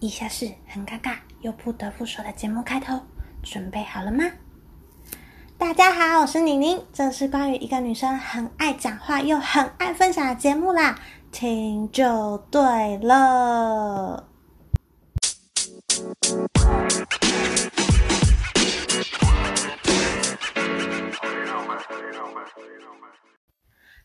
以下是很尷尬又不得不說的節目開頭，準備好了嗎？大家好，我是寧寧，這是關於一個女生很愛講話又很愛分享的節目啦，聽就對了。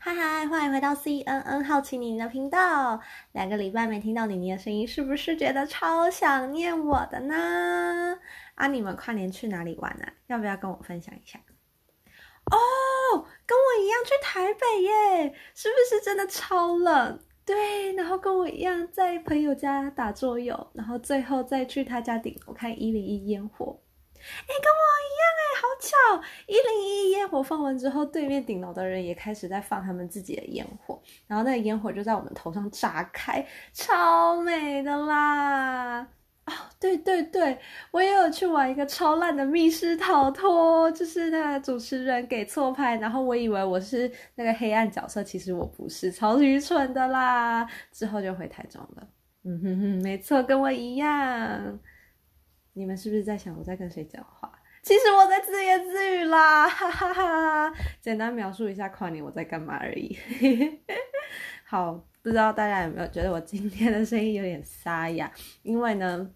嗨嗨，歡迎回到 CNN 好奇妮妮的頻道。兩個禮拜沒聽到妮妮的聲音，是不是覺得超想念我的呢？啊，你們跨年去哪裡玩呢、啊？要不要跟我分享一下？哦、oh,，跟我一樣去台北耶，是不是真的超冷？對，然後跟我一樣在朋友家打桌遊，然後最後再去他家頂，我看一零一煙火。哎、欸，跟我一樣哎、欸，好巧！一零一煙火放完之後，對面頂樓的人也開始在放他們自己的煙火，然後那個煙火就在我們頭上炸開，超美的啦！哦，對對對，我也有去玩一個超爛的密室逃脫，就是那個主持人給錯牌。然後我以為我是那個黑暗角色，其實我不是，超愚蠢的啦！之後就回台中了，嗯哼哼，沒錯，跟我一樣。你們是不是在想我在跟誰講話？其實我在自言自語啦，哈哈哈，哈！簡單描述一下誇你我在幹嘛而已。 好，不知道大家有沒有覺得我今天的聲音有點沙啞？因為呢，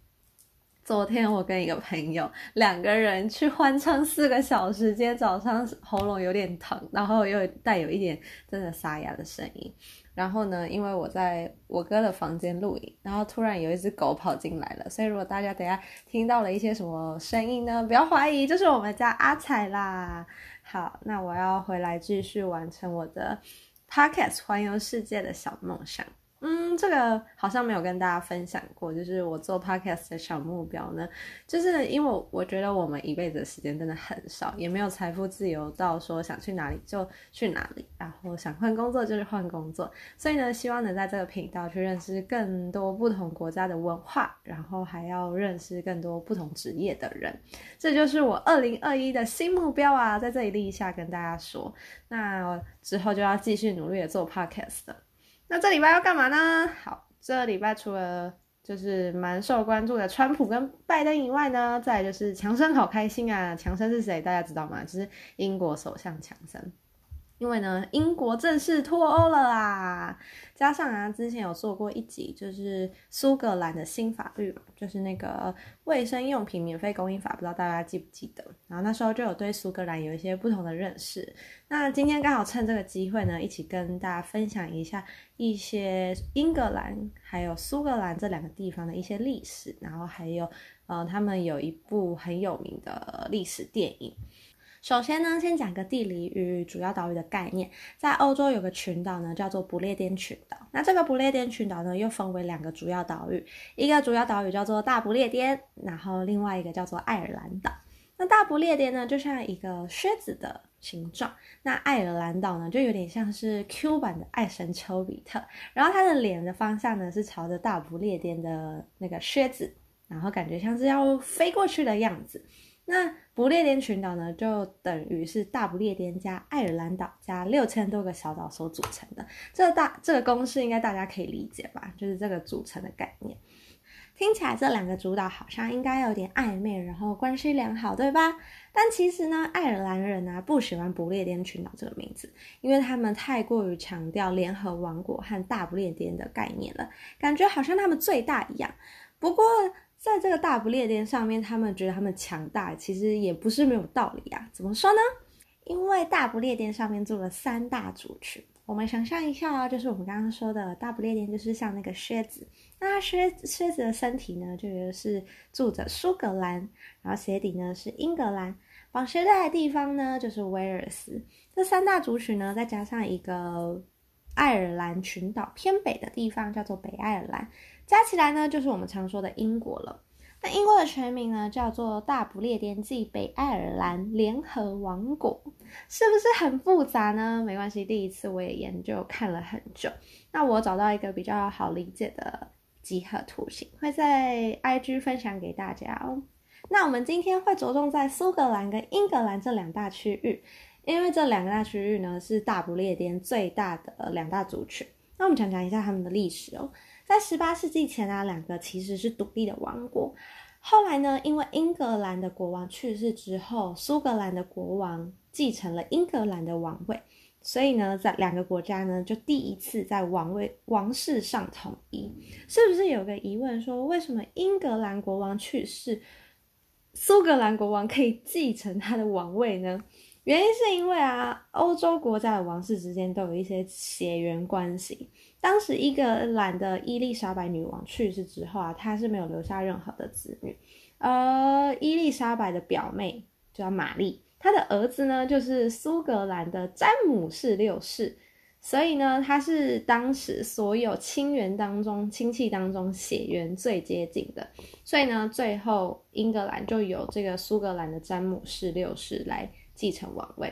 昨天我跟一個朋友兩個人去歡唱四個小時，今天早上喉嚨有點疼，然後又帶有一點真的沙啞的聲音。然後呢，因為我在我哥的房間錄影，然後突然有一隻狗跑進來了，所以如果大家等一下聽到了一些什麼聲音呢，不要懷疑，就是我們家阿彩啦。好，那我要回來繼續完成我的 podcast 環遊世界的小夢想。嗯，這個好像沒有跟大家分享過。就是我做 podcast 的小目標呢，就是因為我，我覺得我們一輩子的時間真的很少，也沒有財富自由到說想去哪裡就去哪裡，然後想換工作就是換工作。所以呢，希望能在這個頻道去認識更多不同國家的文化，然後還要認識更多不同職業的人。這就是我二零二一的新目標啊，在這裡立一下跟大家說。那我之後就要繼續努力的做 podcast 了。那這禮拜要幹嘛呢？好，這禮拜除了就是蠻受關注的川普跟拜登以外呢，再來就是強生，好開心啊！強生是誰？大家知道嗎？就是英國首相強生。因為呢，英國正式脫歐了啦，加上啊，之前有做過一集，就是蘇格蘭的新法律，就是那個衛生用品免費供應法，不知道大家記不記得？然後那時候就有對蘇格蘭有一些不同的認識。那今天剛好趁這個機會呢，一起跟大家分享一下一些英格蘭還有蘇格蘭這兩個地方的一些歷史，然後還有，呃，他們有一部很有名的歷史電影。首先呢，先講個地理與主要島嶼的概念。在歐洲有個群島呢，叫做不列顛群島。那這個不列顛群島呢，又分為兩個主要島嶼，一個主要島嶼叫做大不列顛，然後另外一個叫做愛爾蘭島。那大不列顛呢，就像一個靴子的形狀。那愛爾蘭島呢，就有點像是 Q 版的愛神丘比特，然後它的臉的方向呢，是朝着大不列顛的那個靴子，然後感覺像是要飛過去的樣子。那不列顛群島呢，就等於是大不列顛加愛爾蘭島加六千多個小島所組成的。這個、大這個公式應該大家可以理解吧？就是這個組成的概念。聽起來這兩個主島好像應該有點曖昧，然後關係良好，對吧？但其實呢，愛爾蘭人啊，不喜歡不列顛群島這個名字，因為他們太過於強調聯合王國和大不列顛的概念了，感覺好像他們最大一樣。不過。在這個大不列顛上面，他們覺得他們強大，其實也不是沒有道理啊。怎麼說呢？因為大不列顛上面住了三大族群。我們想象一下啊，就是我們剛剛說的大不列顛，就是像那個靴子。那靴靴子的身體呢，就，就是住着蘇格蘭，然後鞋底呢是英格蘭，綁鞋帶的地方呢就是威爾斯。這三大族群呢，再加上一個愛爾蘭群島偏北的地方，叫做北愛爾蘭。加起來呢，就是我們常說的英國了。那英國的全名呢，叫做大不列顛及北愛爾蘭聯合王國，是不是很複雜呢？沒關係，第一次我也研究看了很久。那我找到一個比較好理解的集合圖形，會在 IG 分享給大家哦。那我們今天會着重在蘇格蘭跟英格蘭這兩大區域，因為這兩個大區域呢是大不列顛最大的兩大族群。那我們講講一下他們的歷史哦。在十八世紀前啊，兩個其實是獨立的王國。後來呢，因為英格蘭的國王去世之後，蘇格蘭的國王繼承了英格蘭的王位，所以呢，在兩個國家呢，就第一次在王位，王室上統一。是不是有個疑問說，說為什麼英格蘭國王去世，蘇格蘭國王可以繼承他的王位呢？原因是因為啊，歐洲國家的王室之間都有一些血緣關係。當時，英格蘭的伊麗莎白女王去世之後啊，她是沒有留下任何的子女，而、呃、伊麗莎白的表妹叫瑪麗，她的兒子呢就是蘇格蘭的詹姆士六世，所以呢，他是當時所有親緣當中、親戚當中血緣最接近的，所以呢，最後英格蘭就有這個蘇格蘭的詹姆士六世來繼承王位，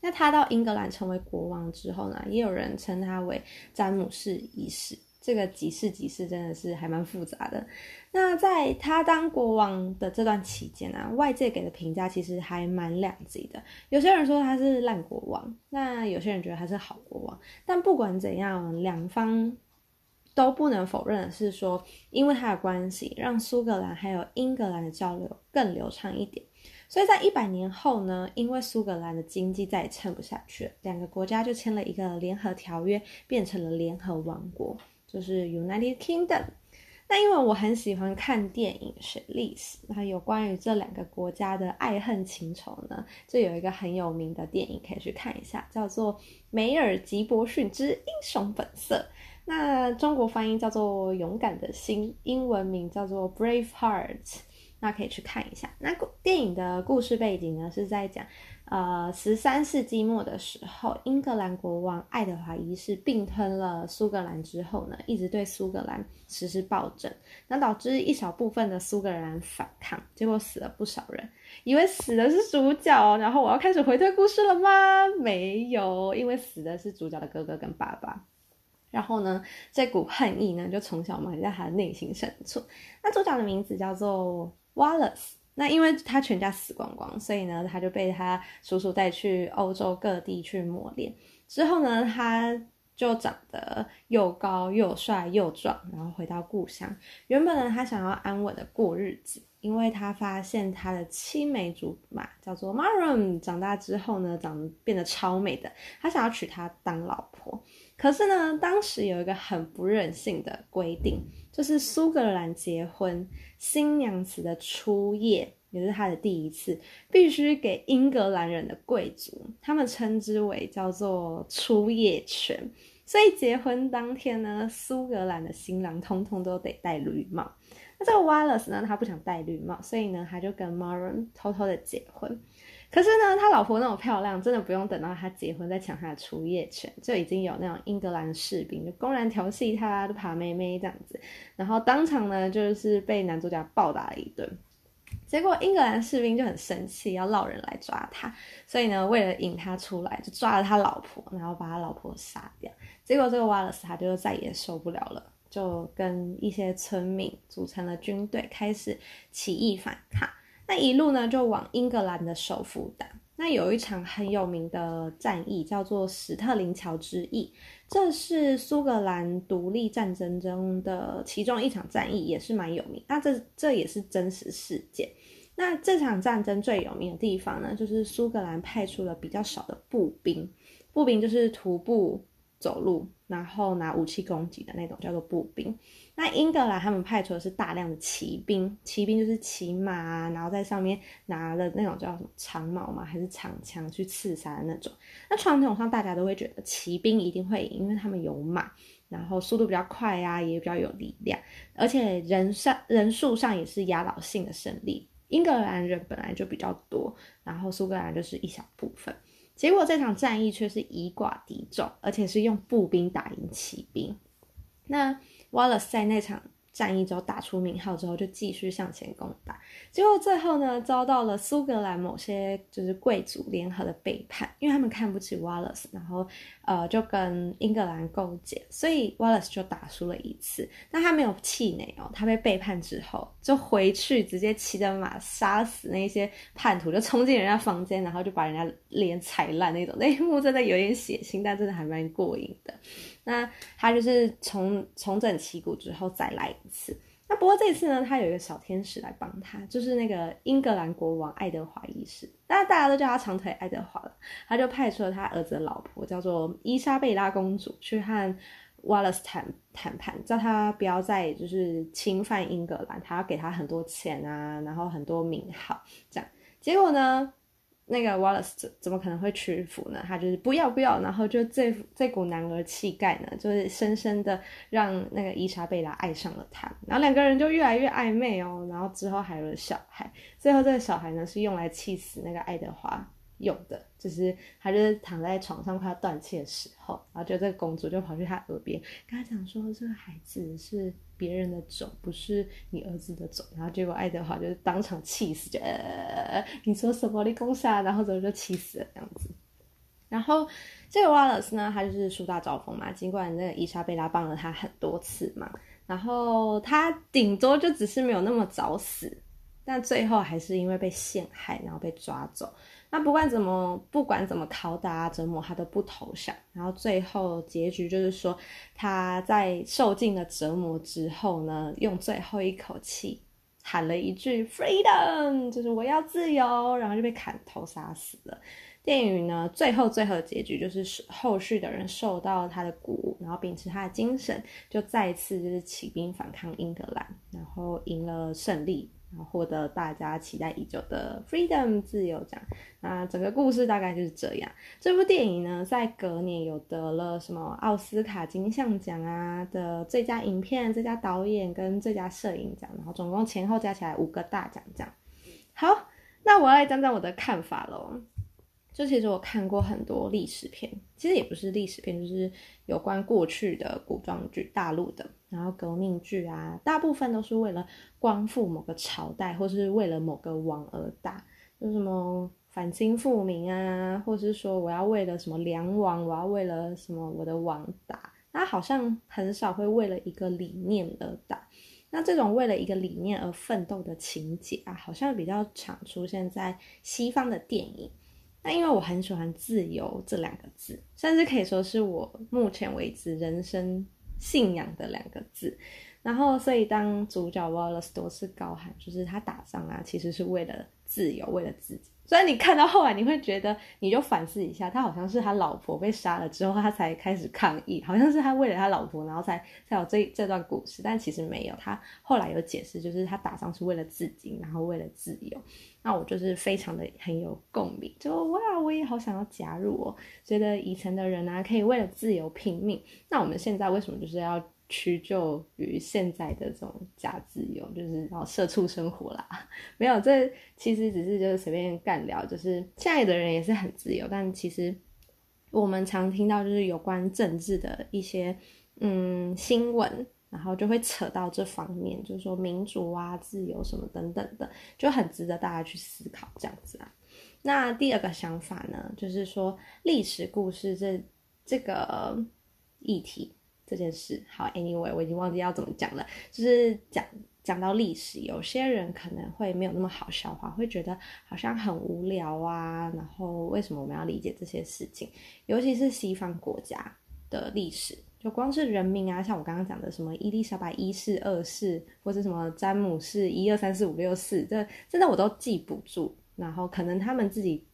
那他到英格蘭成為國王之後呢，也有人稱他為詹姆士一世。這個幾世幾世真的是還蠻複雜的。那在他當國王的這段期間啊，外界給的評價其實還蠻兩極的。有些人說他是爛國王，那有些人覺得他是好國王。但不管怎樣，兩方都不能否認的是說，說因為他的關係，讓蘇格蘭還有英格蘭的交流更流暢一點。所以在一百年後呢，因為蘇格蘭的經濟再也撐不下去了，兩個國家就簽了一個聯合條約，變成了聯合王國，就是 United Kingdom。那因為我很喜歡看電影學歷史，那有關於這兩個國家的愛恨情仇呢，這有一個很有名的電影可以去看一下，叫做《梅爾吉伯遜之英雄本色》，那中國翻譯叫做《勇敢的心》，英文名叫做 Brave Heart。那可以去看一下。那電影的故事背景呢，是在講，呃，十三世紀末的時候，英格蘭國王愛德華一世併吞了蘇格蘭之後呢，一直對蘇格蘭實施暴政，那導致一小部分的蘇格蘭反抗，結果死了不少人。以為死的是主角，然後我要開始回退故事了嗎？沒有，因為死的是主角的哥哥跟爸爸。然後呢，這股恨意呢，就從小埋在他的內心深處。那主角的名字叫做。Wallace，那因為他全家死光光，所以呢，他就被他叔叔帶去歐洲各地去磨練。之後呢，他就長得又高又帥又壯，然後回到故鄉。原本呢，他想要安穩的過日子，因為他發現他的青梅竹馬叫做 Maroon，、um, 長大之後呢，長得變得超美的，他想要娶她當老婆。可是呢，當時有一個很不人性的規定，就是蘇格蘭結婚，新娘子的初夜也是她的第一次，必須給英格蘭人的貴族，他們稱之為叫做初夜權。所以結婚當天呢，蘇格蘭的新郎通通都得戴綠帽。那這個 Wallace 呢，他不想戴綠帽，所以呢，他就跟 Maron 偷偷的結婚。可是呢，他老婆那麼漂亮，真的不用等到他結婚再搶他的初夜權，就已經有那種英格蘭士兵就公然調戲他的爬妹妹這樣子，然後當場呢就是被男主角暴打了一頓，結果英格蘭士兵就很生氣，要落人來抓他，所以呢，為了引他出來，就抓了他老婆，然後把他老婆殺掉，結果這個瓦勒斯他就再也受不了了，就跟一些村民組成了軍隊，開始起義反抗。那一路呢，就往英格蘭的首府打。那有一場很有名的戰役，叫做史特林橋之役。這是蘇格蘭獨立戰爭中的其中一場戰役，也是蠻有名。那這這也是真實事件。那這場戰爭最有名的地方呢，就是蘇格蘭派出了比較少的步兵。步兵就是徒步走路，然後拿武器攻擊的那種，叫做步兵。那英格蘭他們派出的是大量的騎兵，騎兵就是騎馬啊，然後在上面拿了那種叫什麼長矛嘛，還是長槍去刺殺的那種。那傳統上大家都會覺得騎兵一定會贏，因為他們有馬，然後速度比較快呀啊，也比較有力量，而且人上、人數上也是壓倒性的勝利。英格蘭人本來就比較多，然後蘇格蘭就是一小部分。結果這場戰役卻是以寡敵眾，而且是用步兵打贏騎兵。那。Wallace 在那場戰役中打出名號之後，就繼續向前攻打，結果最後呢，遭到了蘇格蘭某些就是貴族聯合的背叛，因為他們看不起 Wallace，然後呃就跟英格蘭勾結，所以 Wallace 就打輸了一次。那他沒有氣餒哦，他被背叛之後就回去直接騎着馬殺死那些叛徒，就衝進人家房間，然後就把人家臉踩爛那種，那一幕真的有點血腥，但真的還蠻過癮的。那他就是重重整旗鼓之後再來一次。那不過這次呢，他有一個小天使來幫他，就是那個英格蘭國王愛德華一世，那大家都叫他長腿愛德華了。他就派出了他兒子的老婆，叫做伊莎貝拉公主，去和華萊士談判，叫他不要再就是侵犯英格蘭，他要給他很多錢啊，然後很多名號這樣。結果呢？那個 Wallace 怎怎麼可能會屈服呢？他就是不要不要，然後就這這股男兒氣概呢，就是深深的讓那個伊莎貝拉愛上了他，然後兩個人就越來越曖昧哦，然後之後還有個小孩，最後這個小孩呢是用來氣死那個愛德華。有的就是，他就是躺在床上快要斷氣的時候，然後就這個公主就跑去他耳邊跟他講說，這個孩子是別人的種，不是你兒子的種。然後結果愛德華就是當場氣死，就、呃、你說什麼你公傻，然後怎麼就氣死了這樣子。然後這個瓦勒斯呢，他就是樹大招風嘛，儘管那個伊莎貝拉幫了他很多次嘛，然後他頂多就只是沒有那麼早死，但最後還是因為被陷害，然後被抓走。那不管怎麼，不管怎麼拷打折磨，他都不投降。然後最後結局就是說，他在受盡了折磨之後呢，用最後一口氣喊了一句 “freedom”，就是我要自由。然後就被砍頭殺死了。電影呢，最後最後的結局就是後續的人受到他的鼓舞，然後秉持他的精神，就再一次就是起兵反抗英格蘭，然後贏了勝利。獲得大家期待已久的 Freedom 自由獎，那整個故事大概就是這樣。這部電影呢，在隔年有得了什麼奧斯卡金像獎啊的最佳影片、最佳導演跟最佳攝影獎，然後總共前後加起來五個大獎這樣。好，那我要來講講我的看法嘍。就其實我看過很多歷史片，其實也不是歷史片，就是有關過去的古裝劇、大陸的，然後革命劇啊，大部分都是為了光復某個朝代，或是為了某個王而打，就什麼反清復明啊，或是說我要為了什麼梁王，我要為了什麼我的王打，那好像很少會為了一個理念而打。那這種為了一個理念而奮鬥的情節啊，好像比較常出現在西方的電影。那因為我很喜歡“自由”這兩個字，甚至可以說是我目前為止人生信仰的兩個字。然後，所以當主角 Wallace 多次高喊，就是他打仗啊，其實是為了。自由，為了自己，雖然你看到後來，你會覺得，你就反思一下，他好像是他老婆被殺了之後，他才開始抗議，好像是他為了他老婆，然後才才有這這段故事，但其實沒有，他後來有解釋，就是他打仗是為了自己，然後為了自由。那我就是非常的很有共鳴，就哇，我也好想要加入哦、喔，覺得以前的人啊，可以為了自由拼命，那我們現在為什麼就是要？屈就於現在的這種假自由，就是，然後社畜生活啦， 沒有，這其實只是就是隨便尬聊，就是現在的人也是很自由，但其實我們常聽到就是有關政治的一些嗯新聞，然後就會扯到這方面，就是說民主啊、自由什麼等等的，就很值得大家去思考這樣子啊。那第二個想法呢，就是說歷史故事這這個議題。這件事好，Anyway，我已經忘記要怎麼講了。就是講講到歷史，有些人可能會沒有那麼好消化，會覺得好像很無聊啊。然後為什麼我們要理解這些事情？尤其是西方國家的歷史，就光是人名啊，像我剛剛講的什麼伊麗莎白一世、二世，或是什麼詹姆士一二三四五六四，這真的我都記不住。然後可能他們自己。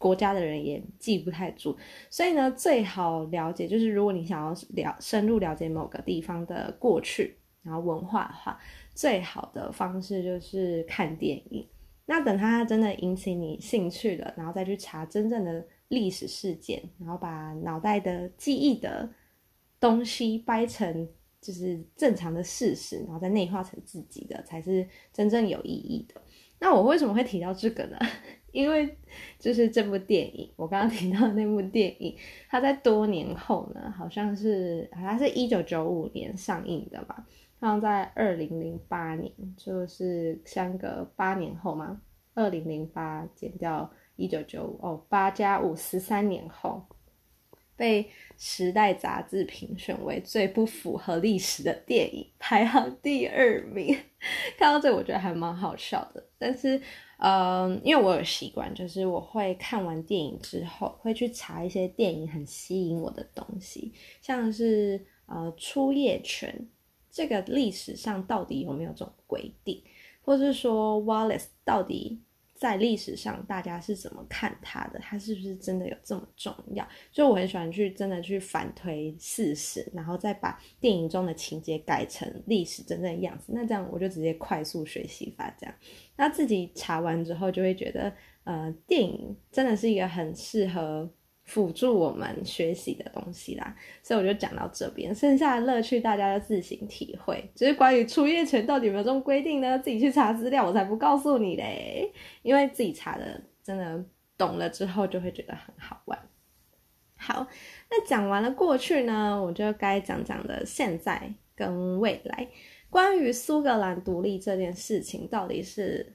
國家的人也記不太住，所以呢，最好了解就是，如果你想要了深入了解某個地方的過去，然後文化的話，最好的方式就是看電影。那等它真的引起你興趣了，然後再去查真正的歷史事件，然後把腦袋的記憶的東西掰成就是正常的事實，然後再內化成自己的，才是真正有意義的。那我為什麼會提到這個呢？因為就是這部電影，我剛剛提到那部電影，它在多年後呢，好像是，它是一九九五年上映的嘛，好像在二零零八年，就是相隔八年後嘛，二零零八減掉一九九五，95，哦，八加五，十三年後。被《時代》雜誌評選為最不符合歷史的電影，排行第二名。 看到這，我覺得還蠻好笑的。但是，嗯，因為我有習慣，就是我會看完電影之後，會去查一些電影很吸引我的東西，像是呃，初夜權這個歷史上到底有沒有這種規定，或是說 Wallace 到底。在歷史上，大家是怎麼看他的？他是不是真的有這麼重要？所以我很喜歡去真的去反推事實，然後再把電影中的情節改成歷史真正的樣子。那這樣我就直接快速學習法，這樣，那自己查完之後就會覺得，呃，電影真的是一個很適合。輔助我們學習的東西啦，所以我就講到這邊，剩下的樂趣大家要自行體會。只、就是關於初夜權到底有沒有這種規定呢？自己去查資料，我才不告訴你嘞，因為自己查的真的懂了之後就會覺得很好玩。好，那講完了過去呢，我就該講講的現在跟未來。關於蘇格蘭獨立這件事情，到底是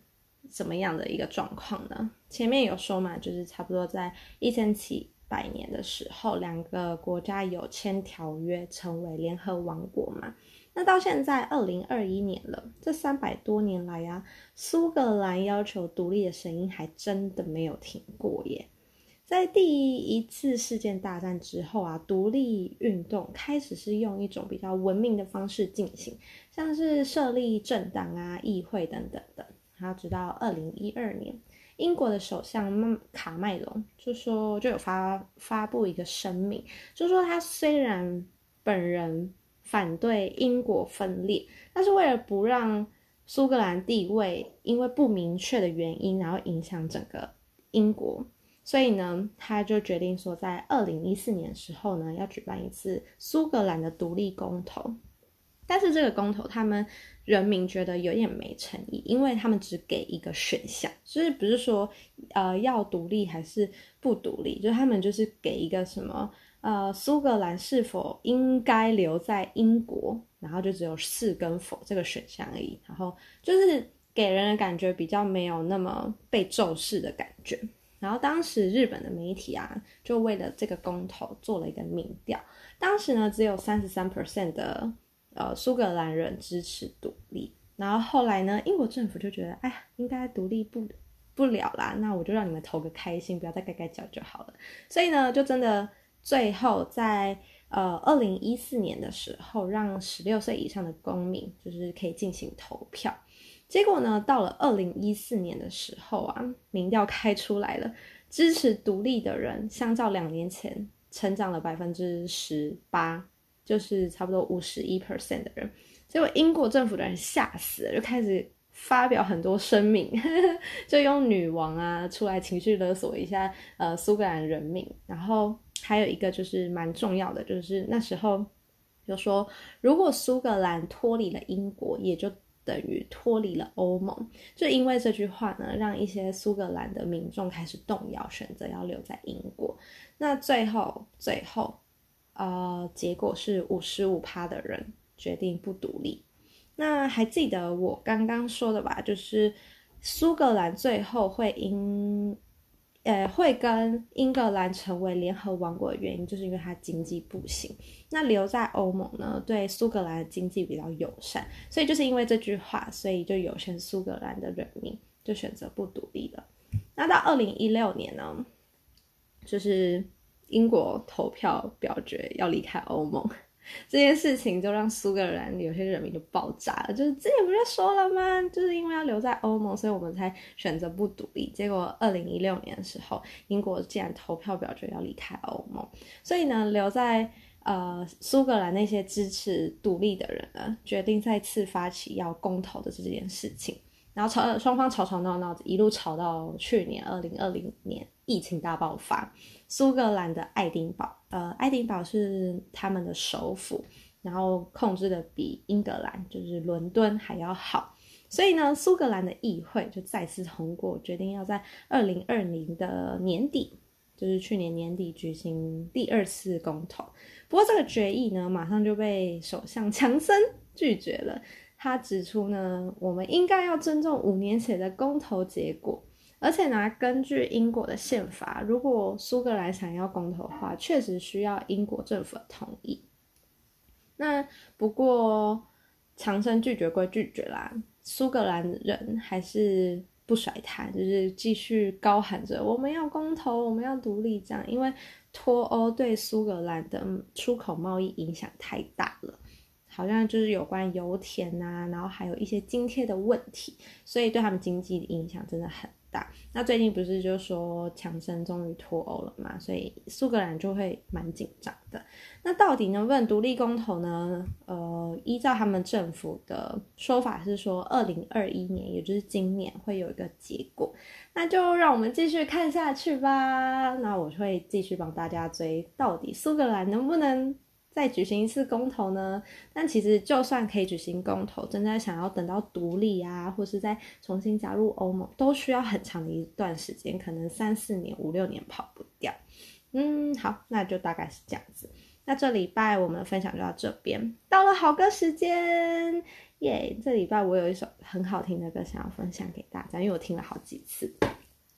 什麼樣的一個狀況呢？前面有說嘛，就是差不多在一千七。百年的時候，兩個國家有簽條約，成為聯合王國嘛。那到現在二零二一年了，這三百多年來啊，蘇格蘭要求獨立的聲音還真的沒有停過耶。在第一次世界大戰之後啊，獨立運動開始是用一種比較文明的方式進行，像是設立政黨啊、議會等等的。然後直到二零一二年。英國的首相卡麥隆就說，就有發發布一個聲明，就說他雖然本人反對英國分裂，但是為了不讓蘇格蘭地位因為不明確的原因，然後影響整個英國，所以呢，他就決定說，在二零一四年的時候呢，要舉辦一次蘇格蘭的獨立公投。但是這個公投，他們人民覺得有點沒誠意，因為他們只給一個選項，所以不是說，呃，要獨立還是不獨立，就他們就是給一個什麼，呃，蘇格蘭是否應該留在英國，然後就只有是跟否這個選項而已。然後就是給人的感覺比較沒有那麼被重視的感覺。然後當時日本的媒體啊，就為了這個公投做了一個民調，當時呢只有三十三 percent 的。呃，蘇格蘭人支持獨立。然後後來呢，英國政府就覺得，哎呀，應該獨立不不了啦，那我就讓你們投個開心，不要再該該叫就好了。所以呢，就真的最後在呃二零一四年的時候，讓十六歲以上的公民就是可以進行投票。結果呢，到了二零一四年的時候啊，民調開出來了，支持獨立的人相較兩年前成長了百分之十八。就是差不多五十一 percent 的人，結果英國政府的人嚇死了，就開始發表很多聲明， 就用女王啊出來情緒勒索一下呃蘇格蘭人民。然後還有一個就是蠻重要的，就是那時候就說，如果蘇格蘭脫離了英國，也就等於脫離了歐盟。就因為這句話呢，讓一些蘇格蘭的民眾開始動搖，選擇要留在英國。那最後，最後。呃，結果是五十五趴的人決定不獨立。那還記得我剛剛說的吧？就是蘇格蘭最後會因呃，會跟英格蘭成為聯合王國的原因，就是因為它經濟不行。那留在歐盟呢，對蘇格蘭經濟比較友善。所以就是因為這句話，所以就有些蘇格蘭的人民就選擇不獨立了。那到二零一六年呢，就是。英國投票表決要離開歐盟這件事情，就讓蘇格蘭有些人民就爆炸了。就是之前不是說了嗎？就是因為要留在歐盟，所以我們才選擇不獨立。結果二零一六年的時候，英國竟然投票表決要離開歐盟，所以呢，留在呃蘇格蘭那些支持獨立的人呢，決定再次發起要公投的這件事情，然後吵，雙方吵吵鬧鬧鬧，一路吵到去年二零二零年。疫情大爆發，蘇格蘭的愛丁堡，呃，愛丁堡是他們的首府，然後控制的比英格蘭就是倫敦還要好，所以呢，蘇格蘭的議會就再次通過決定要在二零二零的年底，就是去年年底舉行第二次公投。不過這個決議呢，馬上就被首相強森拒絕了。他指出呢，我們應該要尊重五年前的公投結果。而且呢、啊，根據英國的憲法，如果蘇格蘭想要公投的話，確實需要英國政府的同意。那不過，強生拒絕歸拒絕啦，蘇格蘭人還是不甩他，就是繼續高喊着“我們要公投，我們要獨立”這樣，因為脫歐對蘇格蘭的出口貿易影響太大了。好像就是有關油田吶、啊，然後還有一些津貼的問題，所以對他們經濟的影響真的很大。那最近不是就說強生終於脫歐了嘛，所以蘇格蘭就會蠻緊張的。那到底能不能獨立公投呢？呃，依照他們政府的說法是說，二零二一年，也就是今年會有一個結果。那就讓我們繼續看下去吧。那我會繼續幫大家追到底蘇格蘭能不能。再舉行一次公投呢？但其實就算可以舉行公投，真的想要等到獨立啊，或是再重新加入歐盟，都需要很長的一段時間，可能三四年、五六年跑不掉。嗯，好，那就大概是這樣子。那這禮拜我們的分享就到這邊，到了好歌時間，耶、yeah！這禮拜我有一首很好聽的歌想要分享給大家，因為我聽了好幾次，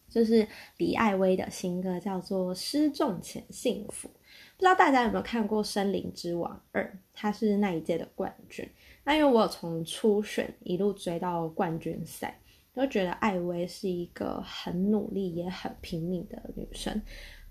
就是李艾薇的新歌，叫做《失重前幸福》。不知道大家有沒有看過《森林之王二》，她是那一屆的冠軍。那因為我有從初選一路追到冠軍賽，都覺得艾薇是一個很努力也很拼命的女生。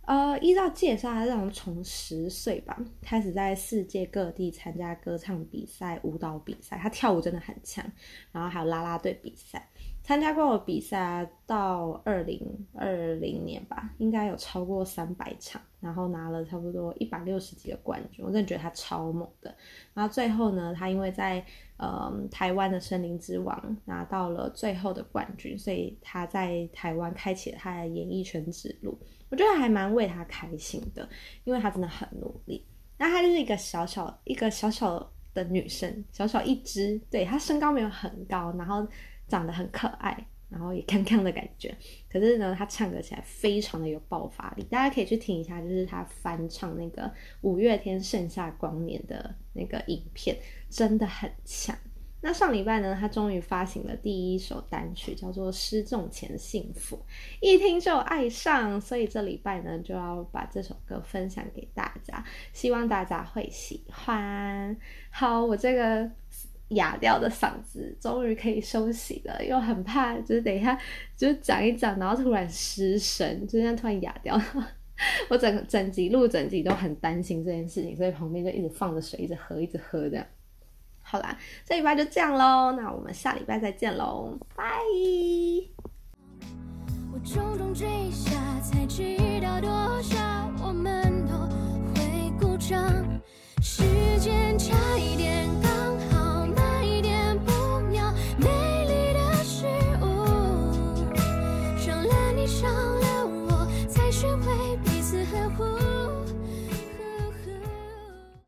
呃，依照介紹，她是從十歲吧開始在世界各地參加歌唱比賽、舞蹈比賽，她跳舞真的很強，然後還有啦啦隊比賽。參加過我比賽，到二零二零年吧，應該有超過三百場，然後拿了差不多一百六十幾個冠軍。我真的覺得她超猛的。然後最後呢，她因為在嗯台灣的森林之王拿到了最後的冠軍，所以她在台灣開啟了她的演藝圈之路。我覺得還蠻為她開心的，因為她真的很努力。那她就是一個小小、一個小小的女生，小小一隻，對，她身高沒有很高，然後。長得很可愛，然後也剛剛的感覺，可是呢，他唱歌起來非常的有爆發力，大家可以去聽一下，就是他翻唱那個五月天《盛夏光年》的那個影片，真的很強。那上禮拜呢，他終於發行了第一首單曲，叫做《失重前幸福》，一聽就愛上，所以這禮拜呢，就要把這首歌分享給大家，希望大家會喜歡。好，我這個啞掉的嗓子終於可以休息了，又很怕，就是等一下就講一講，然後突然失聲，就這樣突然啞掉。我整整集錄整集都很擔心這件事情，所以旁邊就一直放着水，一直喝，一直喝這樣。好啦，這禮拜就這樣嘍，那我們下禮拜再見嘍，拜。我我